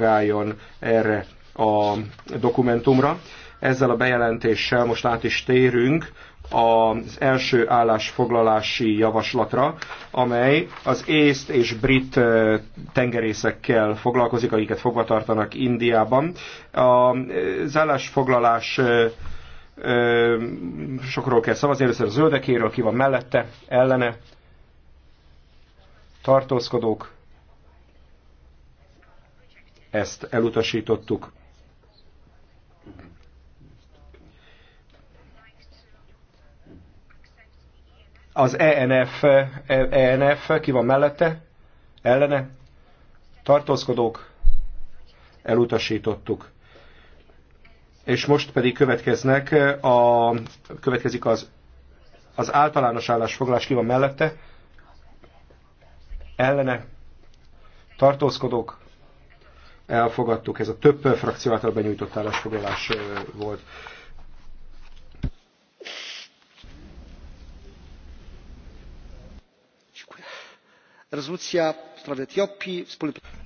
reagáljon erre a dokumentumra. Ezzel a bejelentéssel most át is térünk az első állásfoglalási javaslatra, amely az észt és brit tengerészekkel foglalkozik, akiket fogva tartanak Indiában. Az állásfoglalás sokról kell szavazni, először a zöldekéről, ki van mellette, ellene, tartózkodók, ezt elutasítottuk. Az ENF, ENF ki van mellette? Ellene? Tartózkodók? Elutasítottuk. És most pedig következnek a, következik az, az általános állásfoglalás ki van mellette? Ellene? Tartózkodók? elfogadtuk, ez a több frakció által benyújtott állásfoglalás volt.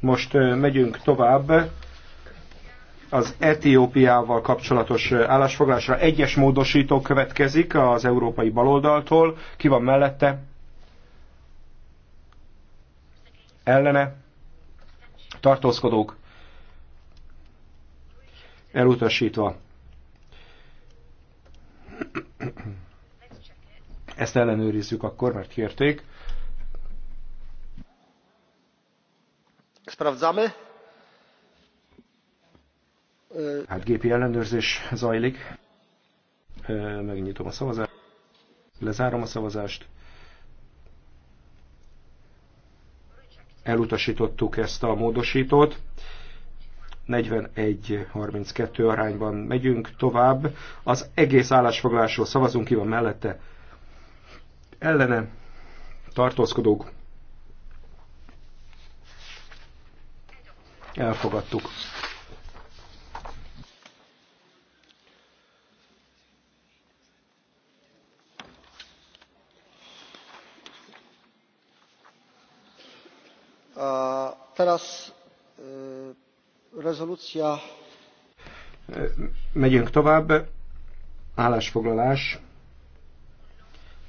Most megyünk tovább az Etiópiával kapcsolatos állásfoglalásra. Egyes módosító következik az európai baloldaltól. Ki van mellette? Ellene? Tartózkodók? elutasítva. Ezt ellenőrizzük akkor, mert kérték. Sprawdzamy. Hát gépi ellenőrzés zajlik. Megnyitom a szavazást. Lezárom a szavazást. Elutasítottuk ezt a módosítót. 41-32 arányban megyünk tovább. Az egész állásfoglalásról szavazunk, ki van mellette. Ellene tartózkodók. Elfogadtuk. Uh, teraz Rezolúcia. Megyünk tovább. Állásfoglalás.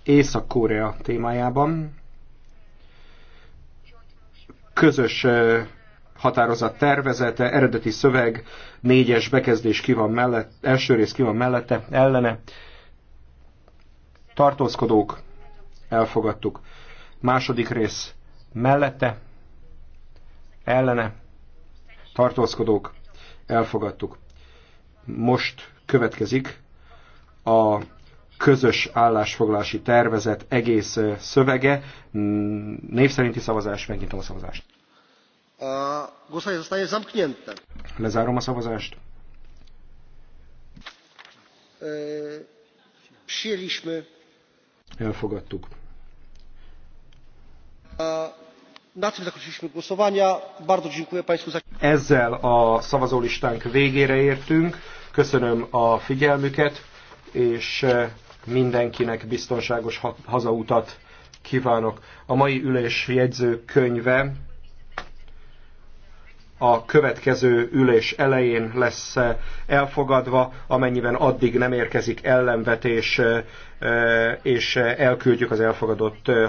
Észak-Korea témájában. Közös határozat tervezete, eredeti szöveg, négyes bekezdés ki van mellette, első rész ki van mellette, ellene. Tartózkodók, elfogadtuk. Második rész mellette, ellene tartózkodók, elfogadtuk. Most következik a közös állásfoglalási tervezet egész szövege. Mm, név szerinti szavazás, megnyitom a szavazást. Lezárom a szavazást. E, elfogadtuk. Ezzel a szavazólistánk végére értünk. Köszönöm a figyelmüket, és eh, mindenkinek biztonságos hazautat kívánok. A mai ülés jegyzőkönyve a következő ülés elején lesz eh, elfogadva, amennyiben addig nem érkezik ellenvetés, eh, és elküldjük az elfogadott